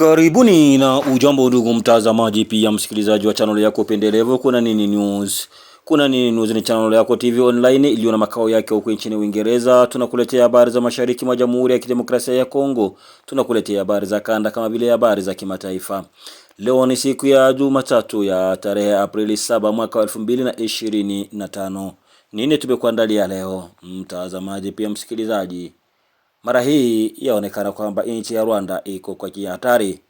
Karibuni na ujambo ndugu mtazamaji, pia msikilizaji wa channel yako pendelevu Kuna Nini News. Kuna Nini News ni channel yako TV online iliyo na makao yake huko nchini Uingereza. Tunakuletea habari za mashariki mwa Jamhuri ya Kidemokrasia ya Kongo, tunakuletea habari za kanda kama vile habari za kimataifa. Leo ni siku ya Jumatatu ya tarehe Aprili 7 mwaka wa 2025. Nini tumekuandalia leo mtazamaji, pia msikilizaji? Mara hii yaonekana kwamba nchi ya Rwanda iko kwa hatari.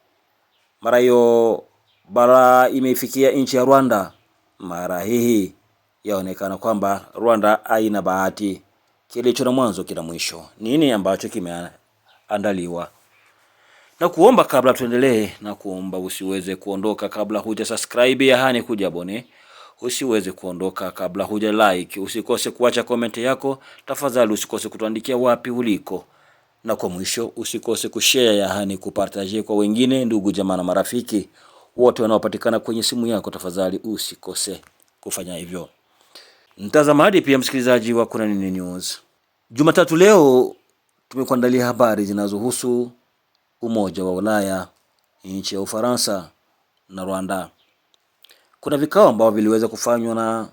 Mara hiyo bara imeifikia nchi ya Rwanda. Mara hii yaonekana kwamba Rwanda haina bahati. Kilicho na mwanzo kina mwisho. Nini ambacho kimeandaliwa? Na kuomba kabla tuendelee, na kuomba usiweze kuondoka kabla huja subscribe ya hani kuja bone, usiweze kuondoka kabla huja like, usikose kuacha komenti yako tafadhali, usikose kutuandikia wapi uliko. Na kwa mwisho, usikose kushare, yaani kupartaje kwa wengine, ndugu jamaa na marafiki wote wanaopatikana kwenye simu yako. Tafadhali usikose kufanya hivyo. Mtazamaji pia msikilizaji wa Kuna Nini News, Jumatatu leo tumekuandalia habari zinazohusu Umoja wa Ulaya, nchi ya Ufaransa na Rwanda. Kuna vikao ambavyo viliweza kufanywa na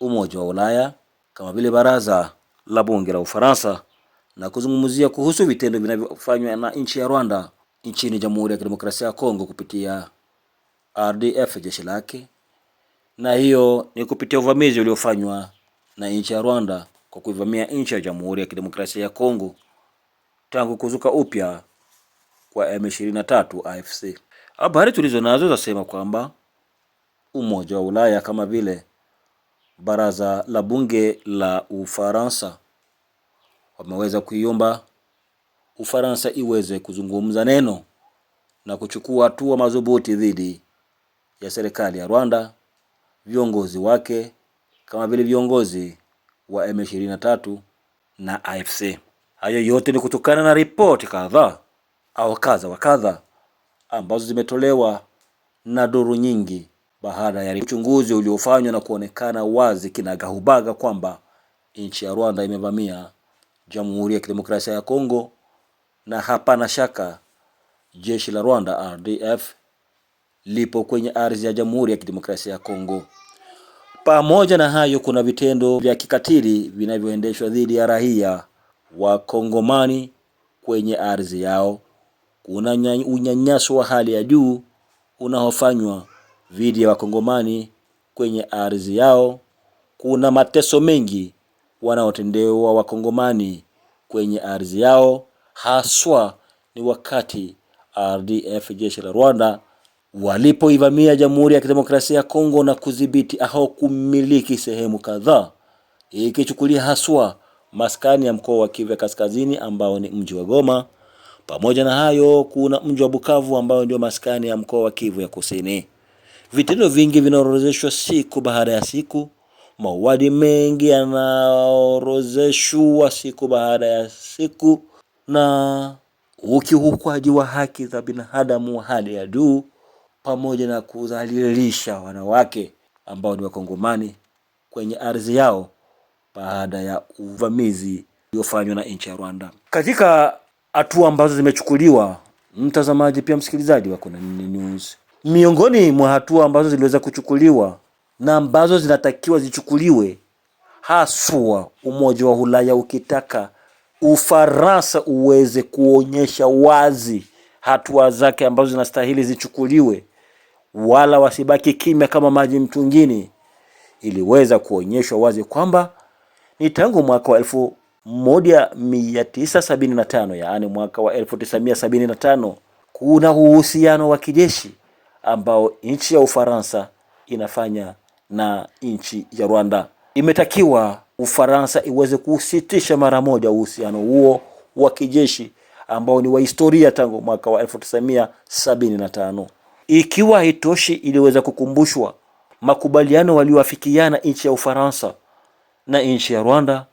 Umoja wa Ulaya kama vile baraza la bunge la Ufaransa na kuzungumzia kuhusu vitendo vinavyofanywa na nchi ya Rwanda nchini Jamhuri ya Kidemokrasia ya Kongo kupitia RDF jeshi lake, na hiyo ni kupitia uvamizi uliofanywa na nchi ya Rwanda kwa kuivamia nchi ya Jamhuri ya Kidemokrasia ya Kongo tangu kuzuka upya kwa M23 AFC. Habari tulizo nazo zasema kwamba Umoja wa Ulaya kama vile baraza la bunge la Ufaransa wameweza kuiomba Ufaransa iweze kuzungumza neno na kuchukua hatua madhubuti dhidi ya serikali ya Rwanda, viongozi wake kama vile viongozi wa M23 na AFC. Hayo yote ni kutokana na ripoti kadhaa au kadha wa kadha ambazo zimetolewa na duru nyingi baada ya uchunguzi uliofanywa na kuonekana wazi kinagaubaga kwamba nchi ya Rwanda imevamia Jamhuri ya Kidemokrasia ya Kongo, na hapana shaka jeshi la Rwanda RDF lipo kwenye ardhi ya Jamhuri ya Kidemokrasia ya Kongo. Pamoja na hayo, kuna vitendo vya kikatili vinavyoendeshwa dhidi ya raia wa Kongomani kwenye ardhi yao. Kuna unyanyaso wa hali ya juu unaofanywa dhidi ya Wakongomani kwenye ardhi yao. Kuna mateso mengi wanaotendewa wakongomani kwenye ardhi yao, haswa ni wakati RDF jeshi la Rwanda walipoivamia Jamhuri ya Kidemokrasia ya Kongo na kudhibiti au kumiliki sehemu kadhaa, ikichukulia haswa maskani ya mkoa wa Kivu ya Kaskazini ambao ni mji wa Goma. Pamoja na hayo, kuna mji wa Bukavu ambao ndio maskani ya mkoa wa Kivu ya Kusini. Vitendo vingi vinaorodheshwa siku baada ya siku Mauaji mengi yanaorozeshwa siku baada ya siku na ukiukwaji wa haki za binadamu wa hali ya juu, pamoja na kudhalilisha wanawake ambao ni wakongomani kwenye ardhi yao baada ya uvamizi uliofanywa na nchi ya Rwanda. Katika hatua ambazo zimechukuliwa, mtazamaji pia msikilizaji wa Kuna Nini News, miongoni mwa hatua ambazo ziliweza kuchukuliwa na ambazo zinatakiwa zichukuliwe haswa Umoja wa Ulaya ukitaka Ufaransa uweze kuonyesha wazi hatua zake ambazo zinastahili zichukuliwe, wala wasibaki kimya kama maji mtungini. Iliweza kuonyeshwa wazi kwamba ni tangu mwaka wa 1975 yaani mwaka wa 1975 kuna uhusiano wa kijeshi ambao nchi ya Ufaransa inafanya na nchi ya Rwanda. Imetakiwa Ufaransa iweze kusitisha mara moja uhusiano huo wa kijeshi ambao ni wa historia tangu mwaka wa 1975. Ikiwa haitoshi, iliweza kukumbushwa makubaliano walioafikiana nchi ya Ufaransa na nchi ya Rwanda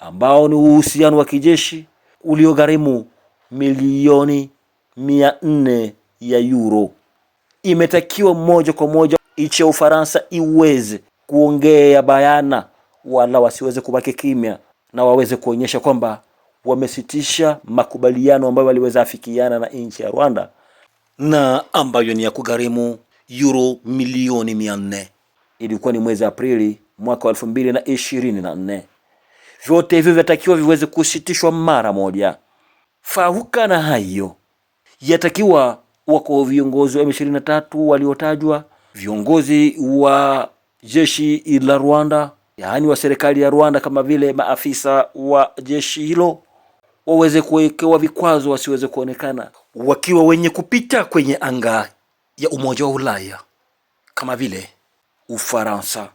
ambao ni uhusiano wa kijeshi uliogharimu milioni mia nne ya euro. Imetakiwa moja kwa moja nchi ya Ufaransa iweze kuongea bayana, wala wasiweze kubaki kimya, na waweze kuonyesha kwamba wamesitisha makubaliano ambayo waliweza afikiana na nchi ya Rwanda na ambayo ni ya kugharimu euro milioni mia nne. Ilikuwa ni mwezi Aprili mwaka wa elfu mbili na ishirini na nne. Vyote hivyo vyatakiwa viweze kusitishwa mara moja. Fauka na hayo, yatakiwa wako viongozi wa M23 waliotajwa viongozi wa jeshi la Rwanda, yaani wa serikali ya Rwanda, kama vile maafisa wa jeshi hilo waweze kuwekewa vikwazo, wasiweze kuonekana wakiwa wenye kupita kwenye anga ya Umoja wa Ulaya kama vile Ufaransa,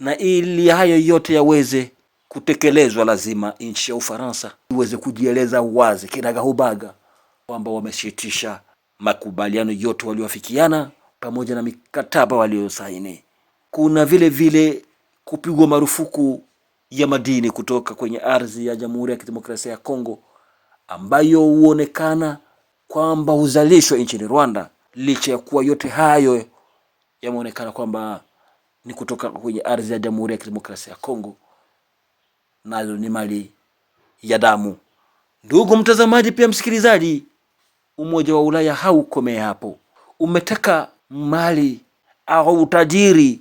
na ili hayo yote yaweze kutekelezwa, lazima nchi ya Ufaransa iweze kujieleza wazi kinagahubaga kwamba wamesitisha makubaliano yote walioafikiana pamoja na mikataba waliosaini. Kuna vile vile kupigwa marufuku ya madini kutoka kwenye ardhi ya Jamhuri ya Kidemokrasia ya Kongo ambayo huonekana kwamba huzalishwa nchini Rwanda, licha ya kuwa yote hayo yameonekana kwamba ni kutoka kwenye ardhi ya Jamhuri ya Kidemokrasia ya Kongo, nayo ni mali ya damu. Ndugu mtazamaji, pia msikilizaji, Umoja wa Ulaya haukomea hapo, umetaka mali au utajiri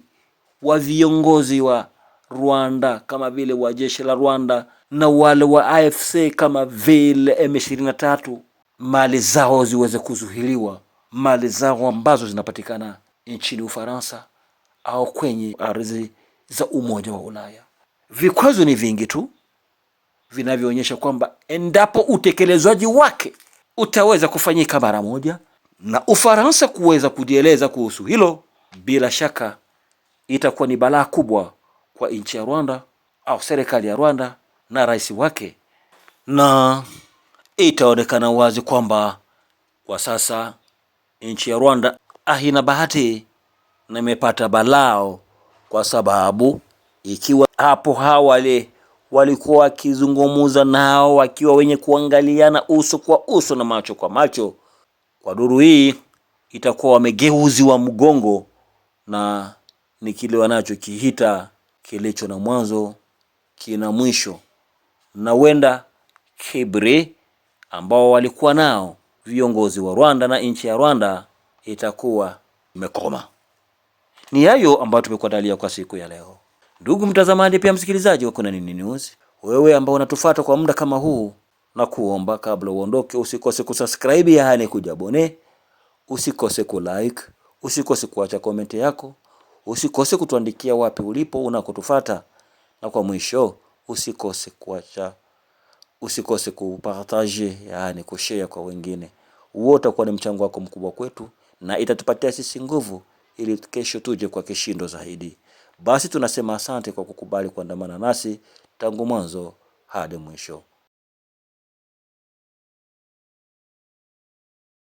wa viongozi wa Rwanda kama vile wa jeshi la Rwanda na wale wa AFC kama vile M23, mali zao ziweze kuzuhiliwa, mali zao ambazo zinapatikana nchini Ufaransa au kwenye ardhi za Umoja wa Ulaya. Vikwazo ni vingi tu vinavyoonyesha kwamba endapo utekelezwaji wake utaweza kufanyika mara moja na Ufaransa kuweza kujieleza kuhusu hilo, bila shaka itakuwa ni balaa kubwa kwa nchi ya Rwanda au serikali ya Rwanda na rais wake, na itaonekana wazi kwamba kwa sasa nchi ya Rwanda haina bahati na imepata balao, kwa sababu ikiwa hapo awali walikuwa wakizungumuza nao wakiwa wenye kuangaliana uso kwa uso na macho kwa macho kwa duru hii itakuwa wamegeuzi wa mgongo na ni kile wanachokihita kilicho na mwanzo kina mwisho, na huenda kibri ambao walikuwa nao viongozi wa Rwanda na nchi ya Rwanda itakuwa imekoma. Ni hayo ambayo tumekuandalia kwa siku ya leo, ndugu mtazamaji, pia msikilizaji wa Kuna Nini News, wewe ambao unatufuata kwa muda kama huu na kuomba kabla uondoke. Usikose kusubscribe, yaani kujabone. Usikose kulike, usikose kuacha komenti yako, usikose kutuandikia wapi ulipo unakotufata, na kwa mwisho usikose kuacha, usikose kupartage, yaani kushare kwa wengine. Huo utakuwa ni mchango wako mkubwa kwetu na itatupatia sisi nguvu ili kesho tuje kwa kishindo zaidi. Basi tunasema asante kwa kukubali kuandamana nasi tangu mwanzo hadi mwisho.